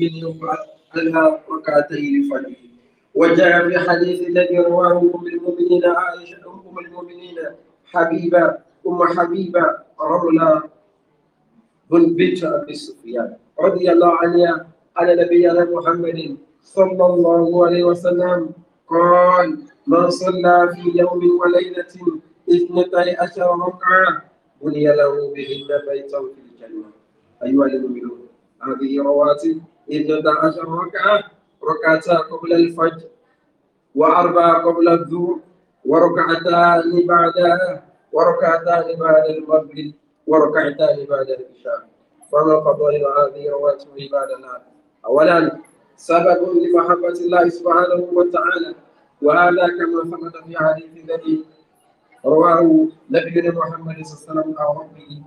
منهم على وجاء في حديث الذي رواه ام المؤمنين عائشه ام المؤمنين حبيبه ام حبيبه رملة بن بنت ابي سفيان رضي الله عنها على نبينا محمد صلى الله عليه وسلم قال من صلى في يوم وليله اثنتي عشر ركعه بني له بهن بيتا في الجنه ايها المؤمنون هذه رواتب اثنتا عشر ركعه ركعتا قبل الفجر واربعه قبل الظهر وركعتان بعدها وركعتان بعد المغرب وركعتان بعد العشاء فما فضائل هذه رواتب عباد الله اولا سبب لمحبه الله سبحانه وتعالى وهذا كما ثبت في حديث الذي رواه نبينا محمد صلى الله عليه وسلم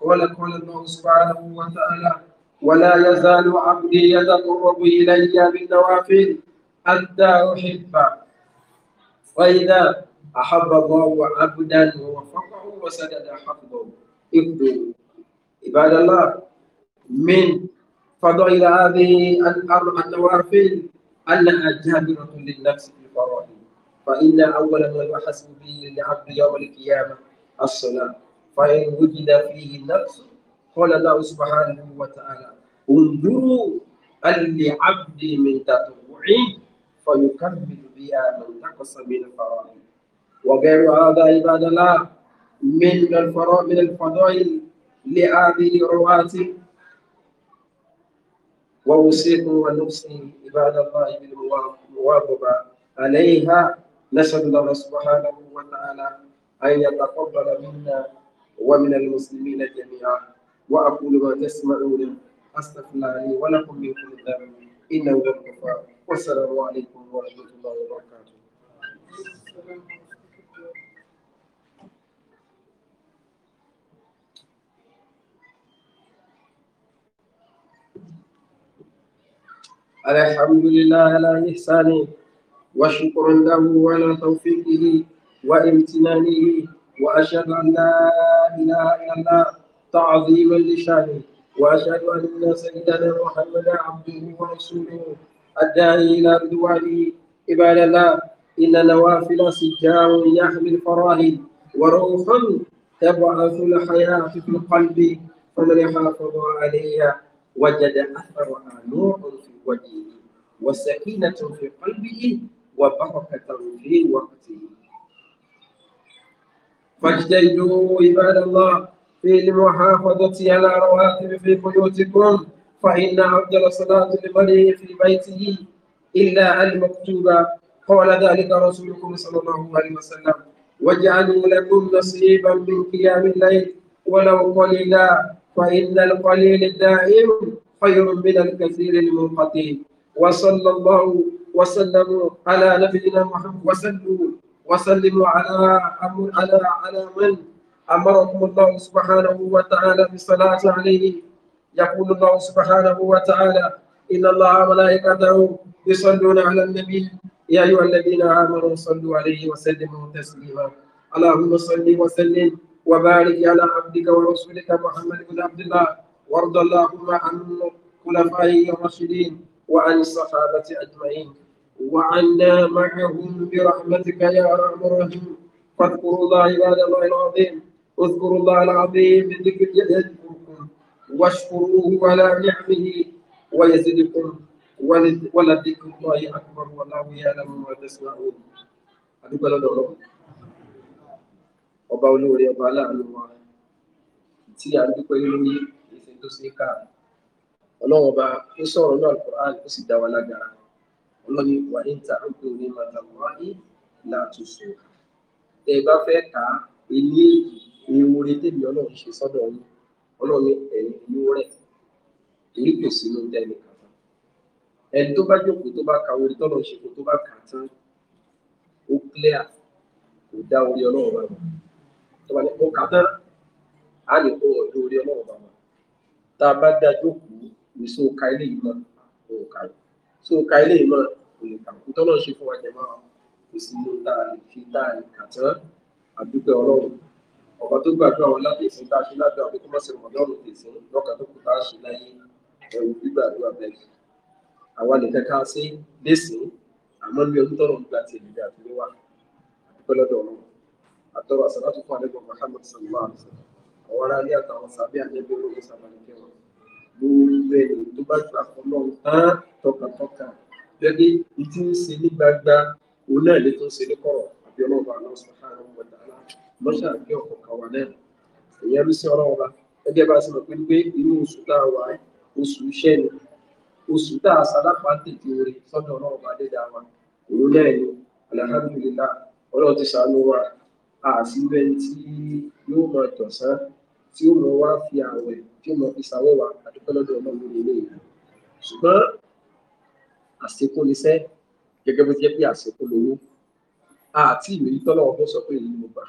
قال قال الله سبحانه وتعالى ولا يزال عبدي يتقرب إلي بالنوافل حتى أحبه فاذا أحب الله عبدا ووفقه وسدد حفظه ابدو عباد الله من فضائل هذه النوافل أنها جابرة للنفس في الفرائض فإن أول ما يحسب به العبد يوم القيامة الصلاة فإن وجد فيه النفس قال الله سبحانه وتعالى انظروا لعبد من تطوعي فيكمل بها من نقص من الفرائض وغير هذا عباد الله من الفرائض من الفضائل لهذه الرواتب ووصيكم ونفسي عباد الله بالمواظبة عليها نسأل الله سبحانه وتعالى أن يتقبل منا ومن المسلمين جميعا وأقول ما تسمعون أستغفر الله لي ولكم من كل ذنب إنه هو الغفار والسلام عليكم ورحمة الله وبركاته الحمد لله على إحسانه وشكر له على توفيقه وامتنانه وأشهد أن لا إله إلا الله تعظيما لشانه واشهد ان سيدنا محمدا عبده ورسوله الداعي الى رضوانه عباد الله ان نوافل سجار يحمل الفراهد وروح تبعث الحياه في القلب فمن حافظ عليها وجد اثرها نور في وجهه وسكينه في قلبه وبركه في وقته فاجتهدوا عباد الله في المحافظة على رواتب في بيوتكم فإن أفضل صلاة لمرء في بيته إلا المكتوبة قال ذلك رسولكم صلى الله عليه وسلم واجعلوا لكم نصيبا من قيام الليل ولو قليلا فإن القليل الدائم خير من الكثير المنقطع وصلى الله وسلم على نبينا محمد وسلموا وسلموا على على على من أمركم الله سبحانه وتعالى بالصلاة عليه يقول الله سبحانه وتعالى إن الله وملائكته يصلون على النبي يا أيها الذين آمنوا صلوا عليه وسلموا تسليما اللهم صل وسلم وبارك على عبدك ورسولك محمد بن عبد الله وارض اللهم عن خلفائه الراشدين وعن الصحابة أجمعين وعنا معهم برحمتك يا أرحم الراحمين فاذكروا الله عباد الله العظيم اذكروا الله العظيم من ذكر يذكركم واشكروه على نعمه ويزدكم ولذكر الله اكبر والله يعلم ما تسمعون adúgbò lọ́dọ̀ ọ̀rọ̀ ọba olóore ọba aláàánú wa tí a dúpẹ́ lórí ìfẹ́ tó ṣe ká ọlọ́run ọba ó sọ̀rọ̀ náà Al-Qur'an ó sì dá wa lágara ọlọ́ni wà ní ta ọgbẹ́ òní màtàwá ní làtúnṣe tẹ bá fẹ́ kà á èyí ìwúre tèmi ọlọ́run ṣe sọ́dọ̀ yín ọlọ́run ní ẹ̀yìn yóò rẹ̀ torí kò sínú dẹ́ni kàtà ẹni tó bá jókòó tó bá ka orí tọ́lọ̀ ṣe kó tó bá kà á tán ó clear kò dá orí ọlọ́run bá wà tó bá ní kó kà á tán á lè kó ọ̀dọ́ orí ọlọ́run bá wà tá a bá dá jókòó ní so ka ilé yìí mọ́ kò kà á so ilé yìí mọ́ kò lè kà kó tọ́lọ̀ ṣe fún wa jẹ máa kò sínú tá a lè fi tá a lè kà tán àdúpẹ́ ọlọ́run ọba tó gbàdúrà wọn láti ìsìn tá a ṣe ládùúgbò àbí kó má ṣe mọ̀dọ́rùn tẹ̀sán lọ́kàn tó kù tá a ṣe láyé ẹ̀rù gbígbàdúrà bẹ́ẹ̀. àwa lè kẹ́ka sí lẹ́sìn àmọ́ ní ọdún tọ́lọ́ nígbà tí ènìyàn àti ní wà àdúgbò lọ́dọ̀ ọ̀run àtọ́wà sàlátù fún àdébọ̀ Muhammad sallallahu alaihi wasallam àwọn ará ilé àtàwọn sàbí àdébẹ̀ ológun sàbàlùkẹ́ wọn gbogbo ẹni tó bá gbà fún tán tọkàntọkàn gẹ́gẹ́ ìtí ń ṣe ní òun náà lè tó ń ṣe ní kọ̀rọ̀ àbí ọlọ́run àlọ́ sọ̀tàn àwọn ọmọdé aláàbò lọ́ṣà kí ọkọ̀ kan wà náà ìyẹn ló sí ọlọ́run ọba gẹ́gẹ́ bá a ṣe mọ̀ pé pé inú oṣù tá a wà oṣù iṣẹ́ ni oṣù tá a sálápá tètè orin sọ́dọ̀ ọlọ́run ọba dédà wa òun náà ni alhamdulillah ọlọ́run ti ṣàánú wa àṣìbẹ̀ tí yóò mọ tọ̀sán tí ó mọ wá fi àwẹ̀ tí ó mọ fi ṣàwẹ̀ wa àdúpẹ́ lọ́dọ̀ ọlọ́run ní ilé yìí ṣùgbọ́n àṣekún iṣẹ́ gẹ́gẹ́ bó ti jẹ́ pé àṣekún lówó àti ìmìlítọ́lọ́wọ́ tó sọ pé èyí mo gbà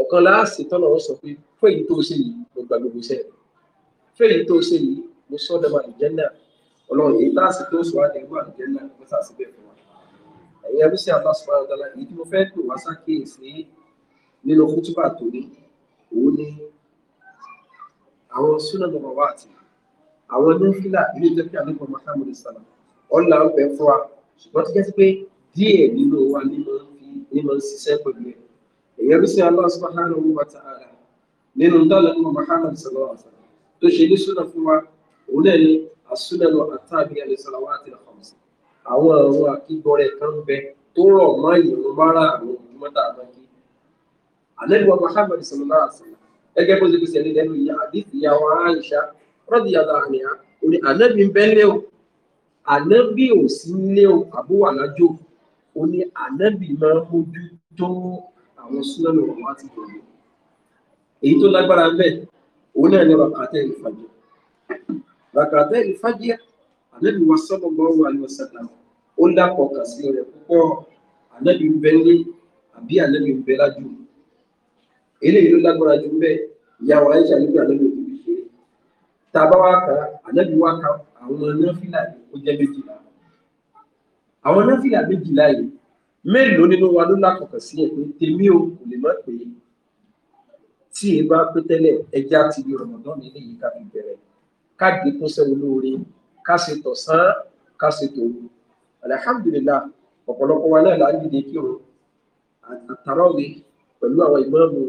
ọ̀kan láàsì tọ́nà wọn sọ pé fún èyí tó ṣe yìí mo gba gbogbo iṣẹ́ rẹ̀ fún èyí tó ṣe yìí mo sọ dẹ́wà àlùjẹ́nà ọlọ́run èyí táàsì tó sọ àdéhùn àlùjẹ́nà mo sà síbẹ̀ fún wa ẹ̀yin ẹbí sí àbá sọ ara dára èyí tí mo fẹ́ pè wá sákèésí nínú kútúbà tó ní òun ni àwọn súnà lọ́wọ́ wá àti àwọn nọ́fìlà ilé ìjọ kí àlùkò mọ́tàmù lè sàlà ọ̀là ń bẹ fún wa ṣùgbọ́n ti kẹ́sí pé díẹ̀ nínú wa ní ń ṣiṣẹ́ pẹ̀lú ẹ̀ ìyẹn sí Allah subhanahu wa ta'ala nínú dálẹ̀ ọmọ Muhammad sallallahu alaihi wa sallam tó ṣe ní súnà fún wa òun náà ni àsúnẹ̀lọ àtàbí alẹ́sàlàwà àti àkọsí àwọn ọ̀rọ̀ akígbọ́rẹ̀ kan bẹ tó rọ̀ mọ́ ìrún mara àwọn olùmọ́tà àbáyé àlẹ́lùwà Muhammad sallallahu alaihi wa sallam gẹ́gẹ́ bó ṣe fi sẹ́ni lẹ́nu ìyá àdìsí ìyàwó Aisha radiyallahu anha orí ànábì ń bẹ́lẹ̀ o ànábì ò sí nílé o àbúwà lájò o ní ànábì máa ń mójú tó àwọn súnmọ́nù ọ̀wá ti dòdò èyí tó lágbára bẹ́ẹ̀ òun náà ní ràkàtà ìfàjẹ́ ràkàtà ìfàjẹ́ ànábì wa sọ́mọ́ bá wà ní ọ̀sẹ̀dá ó dàpọ̀ kà sí rẹ̀ púpọ̀ ànábì ń bẹ ní àbí ànábì ń bẹ lájú eléyìí ló lágbára jù bẹ́ẹ̀ ìyàwó àyíṣà nígbà ànábì òbí fi ṣeré tá a bá wá kà ànábì wá kà àwọn náfìlà ó jẹ́ méjìlá àwọn náfìlà méjìlá yìí mélòó nínú wa ló lákọ̀ọ́kọ̀ sí ẹ̀ pé tèmi ò kò lè má pé tí ì bá pé tẹ́lẹ̀ ẹja ti di rọ̀mọ̀dán nílé yìí ká fi bẹ̀rẹ̀ ká dínkù sẹ́ olóore ká ṣe tọ̀sán ká ṣe tòru alihamudulila ọ̀pọ̀lọpọ̀ wa náà là ń dìde kí o àtàràwé pẹ̀lú àwọn ìmáàmù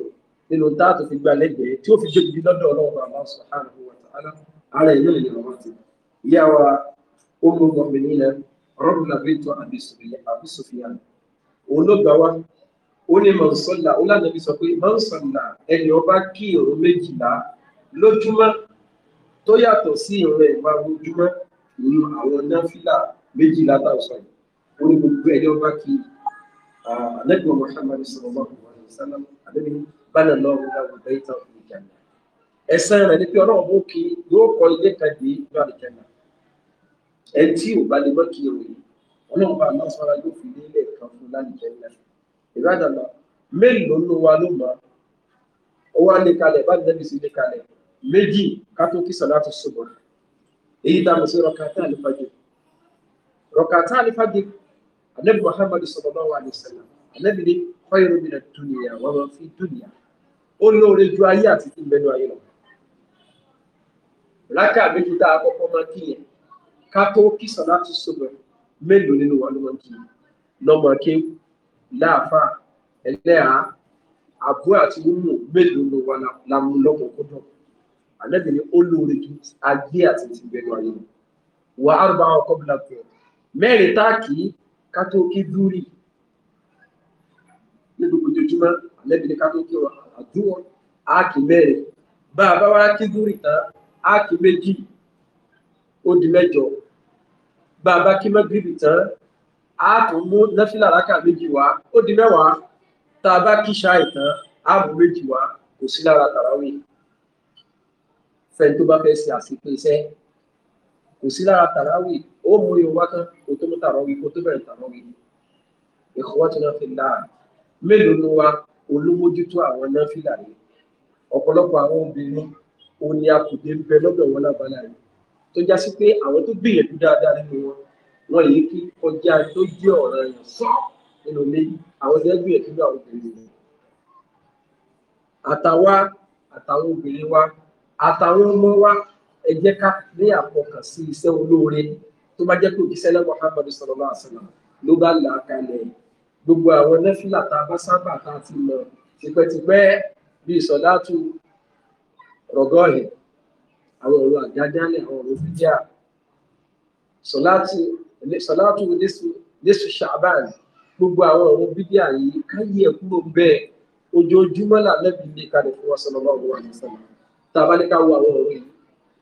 nínú tá tó fi gba lẹ́gbẹ̀ẹ́ tí ó fi débi lọ́dọ̀ ọlọ́run àbá subhanahu òun ló gbà wá ó ní mọ̀nsọ́là ó lànàbí sọ pé mọ̀nsọ́là ẹni ọba kí ìrun méjìlá lójúmọ́ tó yàtọ̀ sí ìrun ẹ̀wà lójúmọ́ ìlú àwọn náfìlà méjìlá tá a sọ yìí ó ní gbogbo ẹni ọba kí ànágbọ̀ Muhammad sallallahu alaihi wasallam àdébí bánà lọ́wọ́ láwùjọ bẹ́ẹ̀ tán fún ìjànà ẹ̀sán rẹ̀ ni pé ọlọ́run bó kí yóò kọ́ ilé kan dé lọ́ọ̀dẹ̀jẹ̀nà ẹ̀ tí ò bá lè mọ́ kí ìròyìn ọlọ́run bá náà sọ́ra yóò fi nílé kan fún lálùjẹ́ ilẹ̀ ìrádàlá mélòó ló wa ló mọ̀ ó wá lé kalẹ̀ bá dẹ́bi sí lé kalẹ̀ méjì kátó kí sàlátù ṣubọ̀ èyí tá a mọ̀ sí rọ̀kàtà àlìfàjì rọ̀kàtà àlìfàjì anabi muhammad sallallahu alaihi wasallam anabi ni khairu min ad-dunya wa ma fi ju ayé àti tí mẹ́nu ayé lọ rákà méjì tá a kọ́kọ́ máa kíyàn kátó kí sàlátù ṣubọ̀ mélòó nínú wa ló máa ń kí lọ́mọ kéwù láàfà ẹlẹ́à àbú àti mímú mélòó ló wà lámú lọ́kọ̀ọ́kọ́dọ̀ àlẹ́bí ni ó lóore ju agbé àti ti bẹ̀rù ayé lọ wà á rọ̀ bá wọn kọ́bílà tó mẹ́rin táàkì ká tó kí dúrì ní gbogbo ojoojúmọ́ àlẹ́bí ni ká kí wọn àdúrà áàkì mẹ́rin bá a bá wá kí dúrì tán áàkì méjì ó di mẹ́jọ Baba a bá kí mọ́gìrìbì tán a tún mú náfìlà rákà méjì wá ó di mẹ́wàá tá a bá kí ṣáì tán a mú méjì wá kò sí lára tàràwí fẹ́ tó bá fẹ́ ṣe àsìkò iṣẹ́ kò sí lára tàràwí ó mú yorùbá tán kò tó mú tàràwí kò tó bẹ̀rẹ̀ tàràwí ikhwatina fillah mélòó ni wa olómójútó àwọn náfìlà yìí ọ̀pọ̀lọpọ̀ àwọn obìnrin òun ni akùdé ń bẹ lọ́dọ̀ wọn yìí tó já sí pé àwọn tó gbìyànjú dáadáa nínú wọn wọn yìí kí kọjá tó jẹ́ ọ̀ràn èèyàn sọ nínú méjì àwọn tó gbìyànjú náà wọn kiri wọn. àtàwa àtàwọn obìnrin wa àtàwọn ọmọ wa ẹ jẹ́ ká ní àfọkàn sí iṣẹ́ olóore tó bá jẹ́ pé òjíṣẹ́ lẹ́wọ̀n Muhammad sallallahu alaihi wasallam ló bá là á kalẹ̀ gbogbo àwọn nẹ́fìlà tá a bá sábà tá a ti mọ̀ tipẹ́tipẹ́ bíi sọ̀dátù rọ̀gọ́ọ̀hìn àwọn ọ̀rọ̀ àdádálẹ̀ àwọn ọ̀rọ̀ fídíà sọ̀látù sọ̀látù lẹ́sù ṣàbàn gbogbo àwọn ọ̀rọ̀ fídíà yìí káyé ẹ̀ kúrò bẹ́ẹ̀ ojoojúmọ́ làlẹ́bí ilé kalẹ̀ fún wa sọ̀rọ̀ báwo wà nísàlẹ̀ tá a bá ní ká wo àwọn ọ̀rọ̀ yìí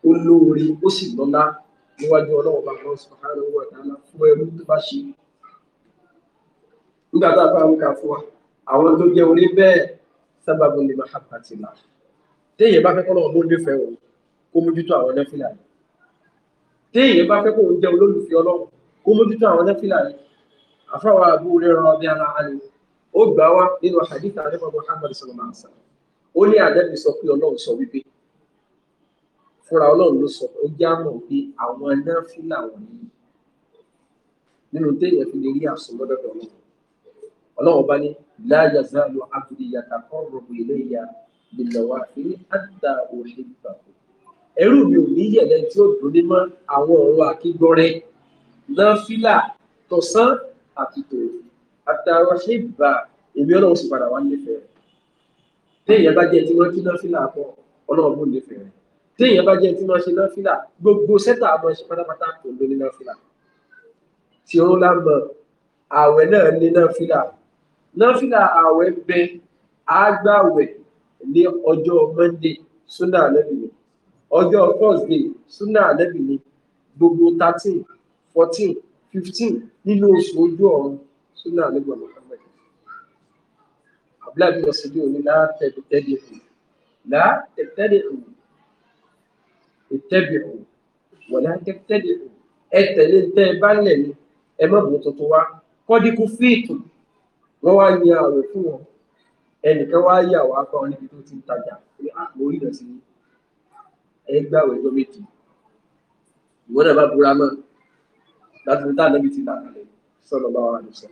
ó lóore ó sì lọ́lá níwájú ọlọ́run bá wọn sọ àárọ̀ wà dáná fún ẹrú tó bá ṣe nígbà tá a bá ń ka fún wa àwọn tó jẹ orí bẹ́ẹ̀ sábàbù ní mahabbatillah téèyàn bá fẹ́ kọ́ lọ́wọ́ ló nífẹ̀ẹ́ wọn kó mójútó àwọn nẹ́fìlà yìí téèyàn bá fẹ́ kó jẹ́ olólùfẹ́ ọlọ́run kó mójútó àwọn nẹ́fìlà yìí àfọwọ́ àbúrò rẹ̀ rán ọdẹ ara rẹ̀ ó gbà wá nínú hadith àdébọ̀ Muhammad sallallahu alaihi wasallam ó ní àdẹ́bí sọ pé ọlọ́run sọ wípé fúnra ọlọ́run ló sọ ó já mọ̀ pé àwọn nẹ́fìlà wọ̀nyí nínú téèyàn fi lè rí àsomọ́dọ́dọ̀ ọlọ́run ọlọ́run bá ẹrú mi ò ní yẹlẹ tí ó dùn ní mọ àwọn ọ̀rọ̀ àkígbọrẹ náà fílà tọ̀sán àti tòun àtàrọ ṣe ìgbà èmi Ọlọ́run sì padà wá nífẹ̀ẹ́ rẹ téèyàn bá jẹ tí wọn kí náà fílà pọ Ọlọ́run bó nífẹ̀ẹ́ rẹ téèyàn bá jẹ tí wọn ṣe náà fílà gbogbo sẹta àwọn ṣe pátápátá kò ló ní náà fílà tí ó lámọ ààwẹ̀ náà ní náà fílà náà fílà ààwẹ̀ bẹ àgbàwẹ̀ ní ọjọ́ Monday sunday alẹ́ nìyẹn ọjọ́ thursday sunna anabi ni gbogbo thirteen fourteen fifteen nínú oṣù ojú ọ̀run sunna anabi muhammed abdullahi bin ọsẹ bíi òní náà tẹbi tẹbi kù náà tẹbi kù tẹbi kù wọlé tẹbi kù ẹ tẹ̀lé tẹ ẹ bá lẹ ní ẹ má bò tuntun wá kọ́díkù fíìtù wọ́n wá yan àwẹ̀ fún wọn ẹnìkan wá yà wá pa ọ níbi tó ti ń tajà lórí ah, ìdọ̀tí yìí ẹ gbà wẹ̀ ọjọ́ méjì ìwọ náà bá búra náà láti fi dáná bí ti là kalẹ̀ sọ̀rọ̀ bá wà lọ́sọ̀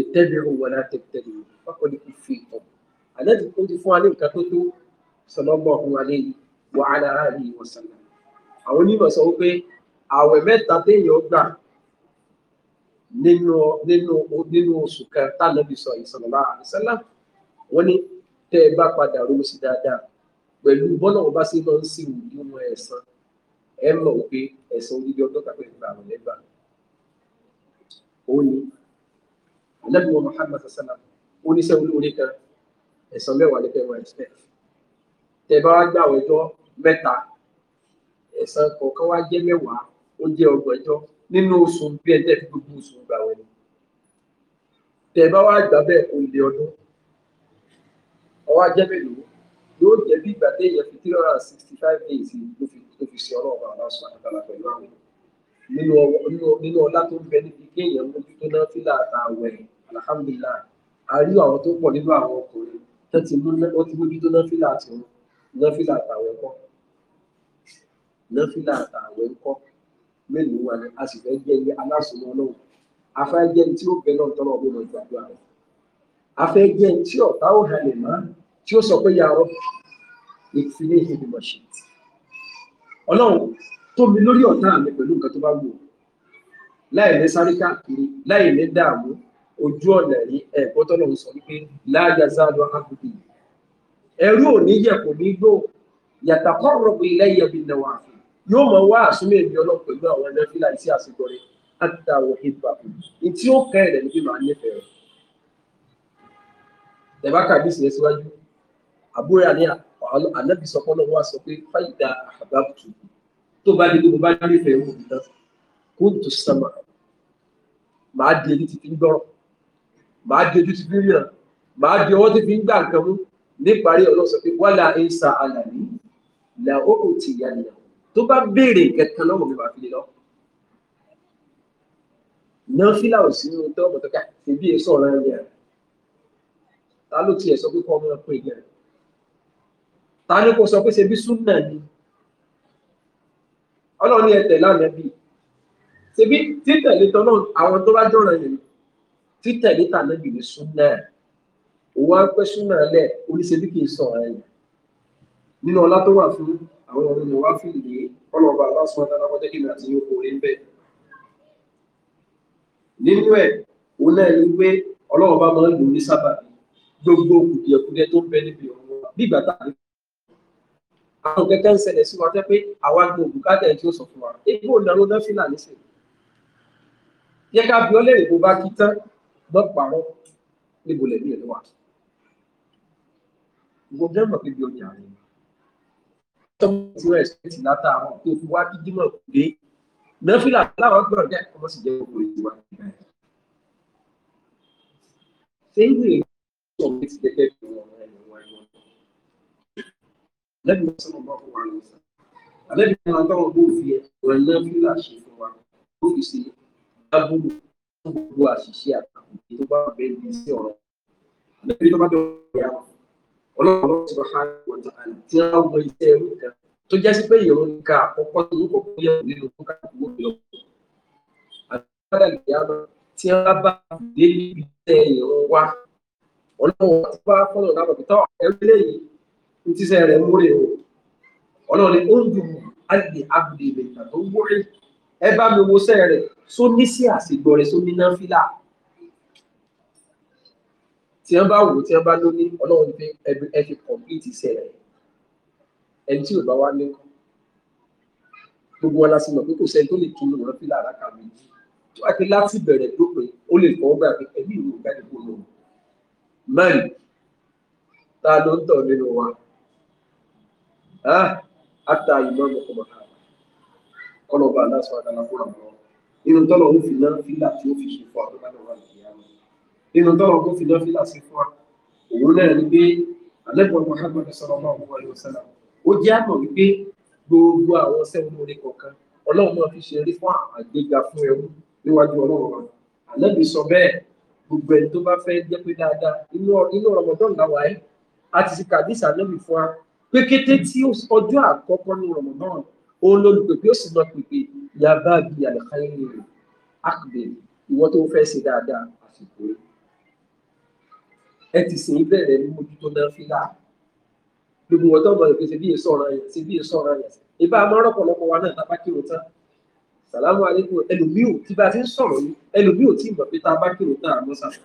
ètẹ́lẹ̀ òwò náà tẹ̀tẹ̀lẹ̀ wákò ní kò fi ìtọ̀ àlẹ́ ti kó ti fún wa ní nǹkan tó tó sọ̀rọ̀ bọ̀ fún wa ní wàhálà àárín ìwọ̀sánná àwọn onímọ̀ sọ wípé àwẹ̀ mẹ́ta téèyàn gbà nínú oṣù kan tánàbí sọ ìsọ̀rọ̀ bá àlùsálà wọ́n ní tẹ́ ẹ bá padà ronú sí dáadáa pẹ̀lú bọ́lá wọn bá ṣe máa ń sìn ní wọn ẹ̀san ẹ mọ̀ pé ẹ̀san odidi ọdún tàbí ìgbà àwọn ẹgbàá ó ní ànábì wọn Muhammad sallam ó ní sẹ́wọ́n lórí kan ẹ̀san mẹ́wàá ní kẹwàá ẹ̀sẹ̀ tẹ bá gbà ọjọ́ mẹ́ta ẹ̀san kọ̀ọ̀kan wá jẹ́ mẹ́wàá ó jẹ́ ọgbọ̀n ẹjọ́ nínú oṣù bí ẹ̀ tẹ́ fi gbogbo oṣù gbà wẹ̀ ni tẹ bá wá gbà bẹ́ẹ̀ kò lè ọdún ọwọ́ ajẹ́ mélòó yóò jẹ́ bí ìgbà téèyàn fi three hundred and sixty five days ló fi ló fi ṣe ọlọ́ọ̀bà aláṣọ àtàlà pẹ̀lú àwọn nínú ọlá tó ń bẹ níbi kéèyàn mójútó náà fílà àtàwẹ̀ alhamdulilah a rí àwọn tó pọ̀ nínú àwọn ọkùnrin tó ti mójútó náà fílà àtàwọn náà fílà àtàwẹ̀ kọ́ náà fílà àtàwẹ̀ kọ́ mélòó wa ni a sì fẹ́ jẹ́ ilé aláṣọmọ náà afẹ́ jẹ́ tí ó bẹ náà tọ́lọ́ ọgbọ́n ìgbàgbọ́ rẹ̀ afẹ́ jẹ́ tí ọ̀tá ò halẹ̀ máa tí ó sọ pé yàrá ìfilé ìdìbò ṣe ọlọ́run tó mi lórí ọ̀tá mi pẹ̀lú nǹkan tó bá wù ọ́ láì ní sáré káàkiri láì ní dààmú ojú ọ̀nà rí ẹ̀kọ́ tọ́lọ̀ ń sọ wípé láàjà sáàdù àkùkù yìí ẹrú ò ní yẹ kò ní gbó yàtàkọ́ rọ̀bù ilẹ̀ yẹbi nàwà yóò mọ̀ wá àsúnmọ̀ èmi ọlọ́pàá pẹ̀lú àwọn ẹlẹ́fílà sí àsìkò rẹ̀ àtàwọn ìgbà ní tí ó kẹ́ ẹ̀rẹ̀ níbi màá nífẹ̀ẹ́ rẹ̀ tẹ̀bá kàbí sí ẹ síwájú àbúrò àní ànábì sọ fọlọ́ wa sọ pé fáyidà àbábùtù tó bá dé gbogbo bá nífẹ̀ẹ́ wò nìkan kó tó sàmà màá di ojú ti fi ń gbọ́rọ̀ màá di ojú ti fi ń ríran màá di ọwọ́ ti fi ń gbà nǹkan mú níparí ọlọ́sọ pé wàhálà ẹ̀ ń sa àlàyé là ó kò tì yà nìyà tó bá béèrè kẹtàn lọ́wọ́ mi máa fi lè lọ. náà fílà ò sínú tọ́wọ́ mọ̀tọ́ká ìbí èso ọ̀ràn ẹ̀yà ta ló tiẹ̀ sọ pé kọ́ ọmọ ta ni kò sọ pé ṣe bí súnà ni ọlọ́run ní ẹ tẹ̀lé ànábì ṣe bí títẹ̀lé tọ́nà àwọn tó bá jọ̀ràn yìí títẹ̀lé tànábì ní súnà òun á pẹ́ súnà lẹ̀ oníṣẹ́bí kì í sọ ọ̀rẹ́ yìí nínú ọlá tó wà fún àwọn ọmọ mi wá fi lè ọlọ́ọ̀bà aláṣọ adánáwọ́jẹ́ kí n àti yóò kórè ń bẹ̀. nínú ẹ̀ òun náà ni pé ọlọ́ọ̀bà máa ń lò ní sábà gbogbo kùdìẹ̀kùdìẹ̀ tó ń bẹ níbi ọ̀rọ̀ bí ìgbà tá a lè àwọn kẹkẹ ń ṣẹlẹ̀ sí wa tẹ́ pé àwa gbọ́ bùkátà ẹ̀ tí ó sọ fún wa ebí ò lọ́rọ́ náà fìlà nísìn yẹ ká bí ọlẹ́ ìbò bá kí tán gbọ́n parọ́ níbo lẹ̀mí ẹ̀ wà ìwọ jẹ́ mọ̀ pé bí ọjà rẹ̀ tọ́mọ ti rẹ̀ ṣẹ́ẹ̀tì tó fi wá dídí mọ̀ pé náà fìlà láwọn gbọ́n dẹ́ ọmọ sì jẹ́ gbogbo èyí wa ṣé ìwé ìwé sọ̀rọ̀ ti dẹ́kẹ́ bí wọn rẹ̀ lẹ́bi sọ̀rọ̀ bá fún wa ní sàn. Àlẹ́bi máa tọ́wọ́ bó fi ẹ̀wọ̀n náà fi là ṣe fún wa. Ó fi ṣe dábùrù fún gbogbo àṣìṣe àtàkùn tó bá bẹ́ẹ̀ bí sí ọ̀rọ̀. Àlẹ́bi tó bá dọ̀ ọ̀rọ̀ yà ọlọ́run ti bá hàn wọ́n ta àti àwọn iṣẹ́ ẹrú kan tó jẹ́ sí pé ìrún ká àkọ́kọ́ tó ń kọ́kọ́ yẹ nínú fún káàkiri òkè ọ̀pọ̀. àgbàdà ìyá lọ tí wọ́n bá dé níbi iṣẹ́ ìrún wa ọlọ́run ti bá fọ́nà lábàbí tán ẹrú lẹ́yìn tíṣẹ́ rẹ̀ múre o ọlọ́run ó ń dùn àgbè àgbè ìgbà tó ń wúrí ẹ bá mi wo sẹ́ rẹ̀ só ní sí àsìgbọ́ rẹ̀ só ní náfìlà tí wọ́n bá wò tí wọ́n bá ló ní ọlọ́run pé ẹ fi kọ̀m̀pìtì sẹ́ rẹ̀ ẹni tí ò bá wá ní gbogbo wa la sì pé kò sẹ́ni tó lè tún lòrán fílà àràkà méjì tó wá pé láti bẹ̀rẹ̀ dópin ó lè fọwọ́ gbà pé ẹ̀mí ìlú ọ̀gá ìdìbò mẹ́rin tá ló ń tọ̀ nínú wa àtà ìlọ ní ọmọ náà kọlọba aláṣọ àdàlà kó ràn lọ nínú tọ́lọ̀ ó fi náà fílà tí ó fi ṣe fún àdúgbò náà wà nìyá lọ nínú tọ́lọ̀ ó fi náà fílà sí fún wa òun náà ni pé Muhammad sallallahu alaihi wasallam ó jẹ́ àmọ̀ wípé gbogbo àwọn sẹ́wọ̀n orí kọ̀ọ̀kan ọlọ́run náà fi ṣe rí fún àgbéga fún ẹrú níwájú ọlọ́run wa àlẹ́bí sọ bẹ́ẹ̀ gbogbo ẹni tó bá fẹ́ jẹ́ pé dáadáa inú ọmọdé ọ̀la wa ẹ́ a ti kàdísà lẹ́bí fún wa pé kété tí ọjọ́ àkọ́kọ́ ní Ramadan òun lólùpèpè ó sì lọ pèpè yaba bi alikairi rẹ̀ akbẹ̀ ìwọ tó fẹ́ ṣe dáadáa àsìkò ẹ ti sìn bẹ̀rẹ̀ ní mójútó náà fílà gbogbo wọn tó ń bọ̀ lè fi ṣe bí èso ọ̀ràn yẹn ṣe bí èso ọ̀ràn yẹn ìbá amọ́rọ̀ pọ̀lọpọ̀ wa náà tábà kírun tán sàlámù alẹ́kùn ẹlòmíì ò tí bá ti ń sọ̀rọ̀ yìí ẹlòmíì tí mọ̀ pé tábà kírun tán àmọ́ sàlámù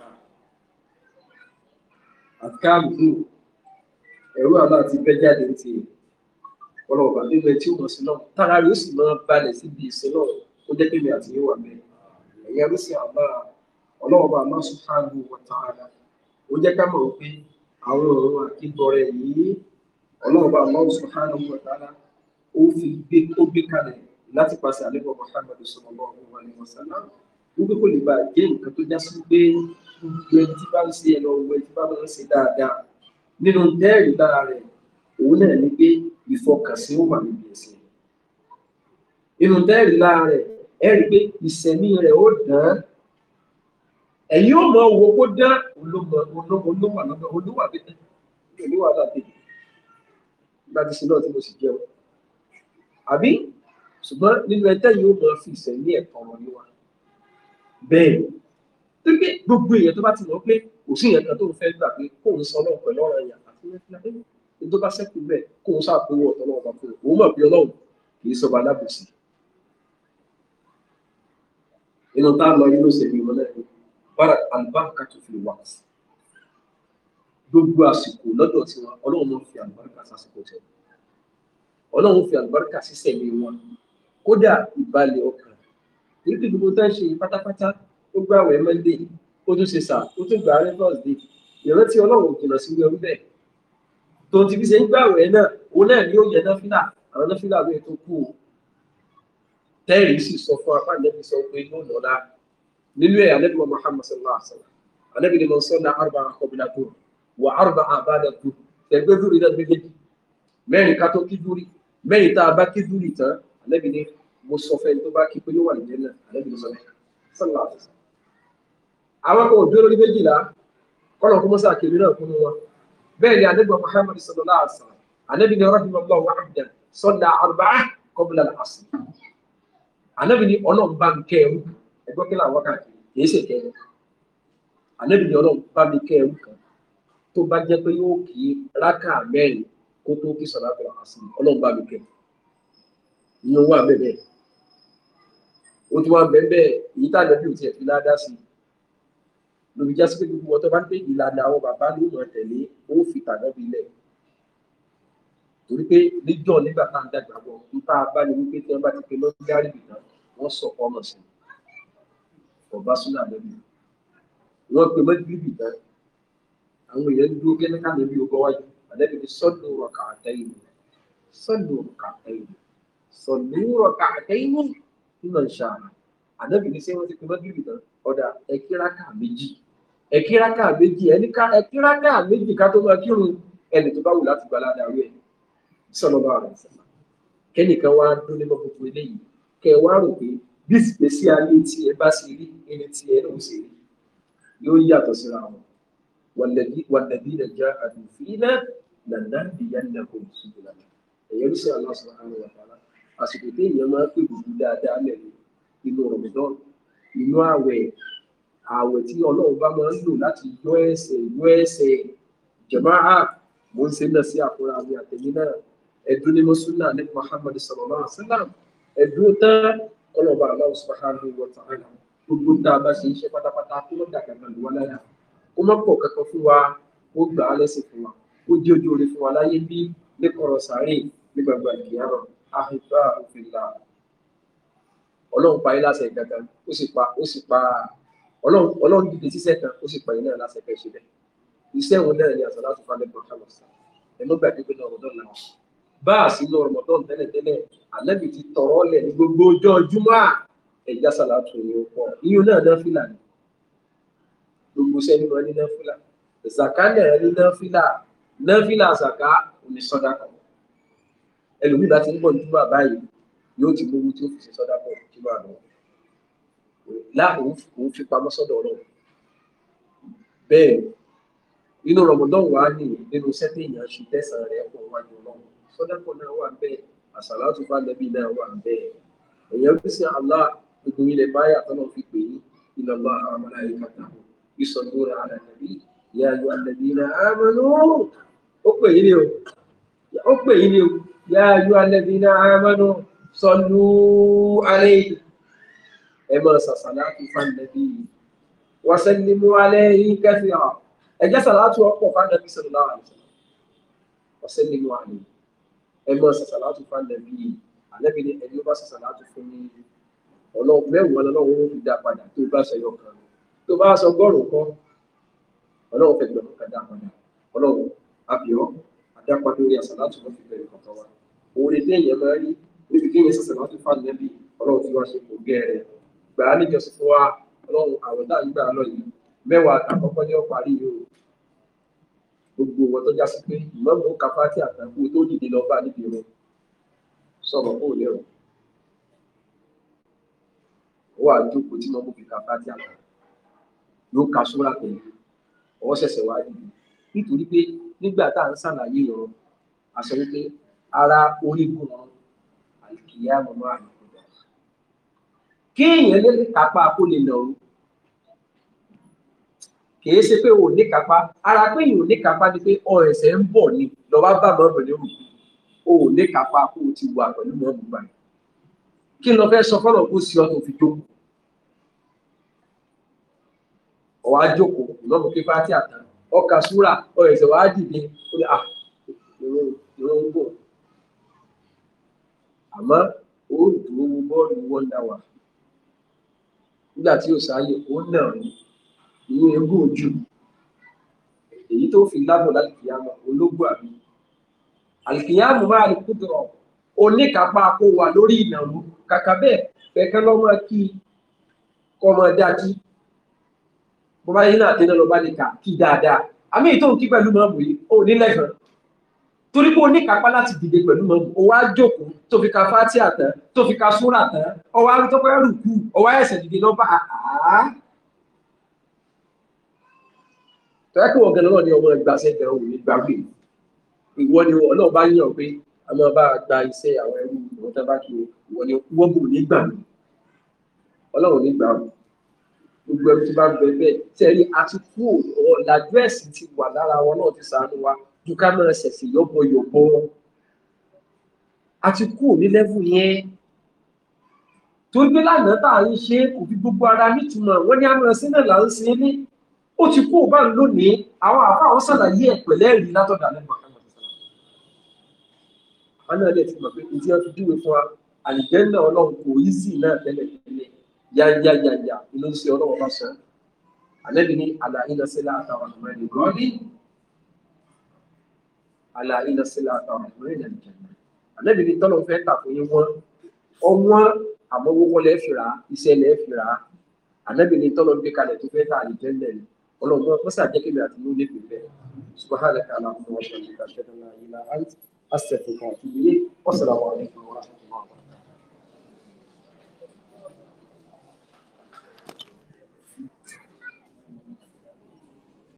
àti ẹ̀rú àlọ́ àti bẹ́ jáde ń ti ọlọ́ọ̀bà nínú ẹ tí ó mọ̀ sí náà tára rẹ̀ ó sì máa balẹ̀ síbi ìsìn náà ó jẹ́ kébi àti yíwà mẹ́rin ẹ̀yẹ ló sì àbá ọlọ́ọ̀bà Allah subhanahu wa ta'ala ó jẹ́ ká mọ̀ pé àwọn ọ̀rọ̀ àkígbọ̀rẹ̀ yìí ọlọ́ọ̀bà Allah subhanahu wa ta'ala ó fi gbé ó gbé kalẹ̀ láti pàṣẹ àlébọ̀ Muhammad sallallahu alaihi wasallam wípé kò lè bá lọ́wọ́ nínú tẹ́ẹ̀rì lára rẹ̀ òun náà ni pé ìfọkànsìn ó wà níbi ẹ̀sìn nínú tẹ́ẹ̀rì lára rẹ̀ ẹ rí i pé ìsẹ̀mí rẹ̀ ó dán ẹ̀yin ò mọ owó kó dán olówà lọ́dọ̀ olówà bẹ́tẹ̀ olówà láti nígbà tí sinú ọtí mo sì jẹun àbí ṣùgbọ́n nínú ẹtẹ́ yìí ó mọ fi ìsẹ̀mí ẹ̀ tọrọ níwà bẹ́ẹ̀ ni torí pé gbogbo èèyàn tó bá ti mọ̀ pé kò sí ìyẹn kan tó ń fẹ́ gbà pé kó ń san náà pẹ̀lú ọ̀ràn ìyàn àti mẹ́fìlá tó bá sẹ́kù bẹ́ẹ̀ kó ń sàkówó ọ̀tọ̀ náà bá fún un òun mọ̀ pé ọlọ́run kì í sọba alábòsí inú tá a lọ inú ṣèlú ìmọ̀lẹ́kùn bára àlùbáǹkà tó fi wà sí gbogbo àsìkò lọ́dọ̀ tí wọn ọlọ́run fi àlùbáríkà sásìkò tẹ̀ ọlọ́run fi àlùbáríkà sísẹ̀mí wọn kódà ìbalẹ̀ ọkàn nítorí gbogbo tó ń ṣe pátápátá ó gbàwẹ̀ monday ó tún ṣe sà ó tún gbà rẹ thursday ìrántí ọlọ́run kùnà sí wẹ́rú bẹ́ẹ̀ tó ti fi ṣe ń gbàwẹ̀ náà òun náà ni ó yẹ náfìlà àwọn náfìlà bẹ́ẹ̀ tó kù tẹ́rì sì sọ fún apá ìlẹ́bí sọ pé yóò lọ́la nínú ẹ̀ alẹ́bí wa muhammad sallallahu alaihi wa sallam alẹ́bí ni mo sọ na arba akọbìnà tó wà arba àbádà tó ẹgbẹ́ dúró iná méjèèjì mẹ́rin ká tó kí dúrí mẹ́rin tá a bá kí dúrí tán alẹ́bí ni mo sọ fẹ́ tó bá kí pé yóò wà nìyẹn náà sallallahu alaihi wa sallam àwọn kan ò dúró lórí méjìlá kọ́nà kó mọ́sá kèmí náà kúnú wọn bẹ́ẹ̀ ni anábì muhammad sallallahu alaihi wa sallam anábì ni rahim allah wa abdan salla arba'a qabla al-asr anábì ni ọlọ́run bá mi kẹ́ẹ̀rú ẹgbẹ́ kí làwọn kan kì í ṣe kẹ́ẹ̀rú anábì ni ọlọ́run bá mi kẹ́ẹ̀rú kan tó bá jẹ́ pé yóò kí rákà mẹ́rin kó tó kí salatu al-asr ọlọ́run ló fi jásí pé gbogbo ọtọ bá ń pè ìlànà àwọn bàbá ló mọ tẹ̀lé ó fi tàná bí lẹ̀ torí pé níjọ́ nígbà tá à ń dàgbà bọ̀ nípa abáni wípé tí wọ́n bá ti pe mọ́gárì ìgbà wọ́n sọ ọmọ sí ọba súnà lẹ́bi wọ́n pe mọ́gárì ìgbà àwọn èèyàn dúró gẹ́gẹ́ ká lẹ́bi ọkọ̀ wájú àlẹ́bi ti sọ́dún ọ̀rọ̀ kàtẹ́yìn sọ́dún ọ̀rọ̀ kàtẹ́yìn sọ́dún ọ̀rọ̀ kàtẹ́yìn nínú ìṣàmì àlẹ́bi ni sẹ́wọ́n ti pe mọ́gárì ìgbà ọ̀dà ẹ̀kíráka méjì ẹkíraka méjì ẹníká ẹkíraka méjì ká tó máa kírun ẹni tó bá wù láti gbàlá dàrú ẹ sọlọba rẹ kẹnìkan wá dún nínú gbogbo eléyìí kẹ wá rò pé bí ìgbésí ayé tí ẹ bá ṣe rí ẹni tí ẹ náà ṣe rí yóò yàtọ̀ síra wọn wàlẹbí rẹ já àdùnfínà nàdá ìyànnà kò sùgbọn àná ẹyẹ ń sọ aláṣọ àwọn wàhálà àsìkò téèyàn máa pè gbogbo dáadáa lẹ́nu inú rọmọdọ́n inú àwẹ̀ ààwẹ̀ tí ọlọ́run bá máa ń lò láti yọ ẹ̀ṣẹ̀ yọ ẹ̀ṣẹ̀ jẹ̀má à mò ń ṣe náà sí àkúrà mi àtẹ̀yìn náà ẹ̀dùn ní mọ́súnà ní Muhammad sallallahu alaihi wasallam ẹ̀dùn tán ọlọ́ba aláwọ̀ subhanahu wa ta'ala gbogbo tá a bá ṣe iṣẹ́ pátápátá kó má dàgbà náà lọ́wọ́ láyà kó má pọ̀ kankan fún wa ó gbà á lẹ́sìn fún wa ó jẹ́ ojú oore fún wa láyé bí ní kọ̀rọ̀ sáré ní gbàgbà ìyàrá àhìbá òfin là ọlọ́run pa ayé láṣẹ ìgbàgbà ó sì pa ó sì pa á ọlọ́run ọlọ́run dìde síṣẹ́ kan ó sì pẹ̀yìn náà láti ẹgbẹ́ ìṣẹ̀lẹ̀ iṣẹ́ òun náà ni àṣà láti falẹ̀ bọ̀ kálọ̀ sí ẹnu gbàgbé pé náà ọ̀dọ́ náà bá a sínú ọ̀rọ̀mọ̀dọ́n tẹ́lẹ̀tẹ́lẹ̀ ànábì ti tọrọ lẹ̀ ní gbogbo ọjọ́ júmọ́ ẹ̀yà sàlátù ni ó pọ̀ iyún náà náà fìlà ni gbogbo sẹ́ni wọn ní náà fìlà zaka náà ní náà fìlà náà fìlà zaka òní sọ́dà kan ẹlòmíì bá ti ń bọ̀ ní júmọ́ àbáyé yóò ti gbogbo tí fi ṣe sọ́dà pọ̀ júmọ́ àná láàrún òun fi pamọ́ sọ́dọ̀ ọlọ́run bẹ́ẹ̀ inú rọmọdán wà ní nínú sẹ́tẹ̀ èèyàn ṣe tẹ̀sán rẹ̀ pọ̀ wá ní ọlọ́run sọ́dọ̀kọ̀ náà wà bẹ́ẹ̀ àṣàlátù bá nàbí náà wà bẹ́ẹ̀ èèyàn bí sí Allah gbogbo ilẹ̀ báyà tọ́nà fi pè é inna Allaha wa malaikatahu yusalluna ala nabi ya ayyuhalladhina amanu ó pè yín ni o ó pè yín ni o ya ayyuhalladhina amanu sallu alayhi ẹ máa ṣàṣàlá tó fànàbí yìí wọ́n ṣe ní mú alẹ́ yín kẹfì hàn ẹ jẹ́ sàlátù ọ̀pọ̀ fànàbí sallallahu alaihi wasallam wọ́n ṣe ní mú alẹ́ ẹ máa ṣàṣàlá tó fànàbí yìí àlẹ́bí ni ẹni ó bá ṣàṣàlá tó fún mi ọlọ́run mẹ́wàá lọ́wọ́ ó fi dá padà tó bá ṣe yọ kan tó bá sọ gọ́ọ̀rù kan ọlọ́run fẹ́ gbẹ̀rún kan dá padà ọlọ́run àbíọ́ àdápa lórí àṣàlátù wọn fi bẹ̀rẹ̀ kọ̀ọ̀kan wa òun lè dé èèyàn máa rí níbi kéèyàn ṣàṣàlátù fànàbí ọlọ́run ti wá ṣe kò gẹ́ rẹ̀ gbà á níjọsìn fún wa ọlọ́run àwọn tá à ń gbà á lọ yìí mẹ́wàá àkọ́kọ́ ní ọ̀parí yìí o gbogbo wọn tó já sí pé ìmọ̀mù kápá tí àtàkù tó dìde lọ bá níbi wọn sọ̀rọ̀ kó lè rọ̀ ó wà jókòó tí mọ̀mù fi kápá tí àtàkù yóò ka sóra pẹ̀lú ọwọ́ ṣẹ̀ṣẹ̀ wá dìde nítorí pé nígbà tá à ń ṣàlàyé ọ̀rọ̀ àṣọ wípé ara orígun ọ̀rọ̀ àìkìyà mọ̀mọ́ àná kéèyàn lè kápá kó lè nàró kìí ṣe pé o ò ní kápá ara pé yìí ní kápá ni pé ọ ẹsẹ̀ ń bọ̀ ni lọ́ba bá mọ́ọ̀mù ní òkú o ò ní kápá kó o ti wà pẹ̀lú mọ́ọ̀mù gbà yìí kí lọ fẹ́ sọ fọ́lọ̀ kó sí ọ tó fi jókòó ọ̀wá jókòó lọ́mọ kí pátí àtàn ọkà súrà ọ ẹsẹ̀ wàá dìde ó ní à ìrún ń bọ̀ àmọ́ ó dùn ún bọ́ọ̀lù wọ́ndà wàá nígbà tí ò sáyè ó nà ó ìyẹn egún ojú èyí tó fi lábọ̀ lálùkìyàmọ̀ ológun àmì àlùkìyàmọ̀ máa lè kú dọ̀rọ̀ oníkápá kó wà lórí ìnáwó kàkà bẹ́ẹ̀ kẹ̀kẹ́ lọ́mọ kí kọ́mọ dákí bó bá yín náà tẹ́lẹ̀ lọ́ba lè kà kí dáadáa àmì ìtòhùn kí pẹ̀lú mọ́ bòye ó ní lẹ́gàn torí pé oníkápá láti dìde pẹ̀lú mọ́ o wá jókòó tó fi ka fatia tán tó fi ka súrà tán ọwọ́ arúgbó pẹ́ rùkú ọwọ́ ẹ̀sẹ̀ dìde lọ́ba àá. tọ́yà kí wọ́n gan náà ní ọmọ ìgbàsẹ̀ gan òun nígbà wí ìwọ ni wọn náà bá yàn pé àmọ́ bá gba iṣẹ́ àwọn ẹrú ìwọ́n tó bá kí ìwọ ni wọ́n bò nígbà mi ọlọ́run nígbà mi gbogbo ẹni tó bá gbẹ bẹ́ẹ̀ tẹ́lẹ̀ àti kúrò ọ̀làjú ẹ̀sìn ti wà ju ká máa ṣẹ̀sìn yọ̀bọ̀yọ̀bọ̀ àti kúrò ní level yẹn torí pé lánàá tá à ń ṣe kò fi gbogbo ara nítumọ̀ wọ́n ní amúrasí náà là ń ṣe ní ó ti kú òbá lónìí àwọn àbá àwọn ṣàlàyé ẹ̀ pẹ̀lẹ́ rí látọ̀dà lẹ́nu àkànlá àwọn náà lè fi mọ̀ pé ìdí ọtí dúwe fún wa àlìjẹ́ náà ọlọ́run kò rí sí náà tẹ́lẹ̀ tẹ́lẹ̀ yáyáyáyá ló ń ṣe ọlọ́run bá sọ àlẹ́bí ní àlàyé lọ sí láàtàwọn ọmọ ẹni àlà iná sílẹ̀ àtàwọn ọmọ ìrìn àjẹ ànábì ní tọ́lọ̀ fẹ́ tà fún yín wọ́n ọwọ́n àmọ́ owó wọn lè fi rà iṣẹ́ lè fi rà ànábì ní tọ́lọ̀ gbé kalẹ̀ tó fẹ́ tà àlìjẹ́ lẹ̀ ọlọ́run wọn sà jẹ́ kébì àti ní olè fẹ́ subhanaka allahumma wa bihamdika ashhadu an la ilaha illa anta astaghfiruka wa atubu ilayk wa assalamu alaykum wa rahmatullahi wa barakatuh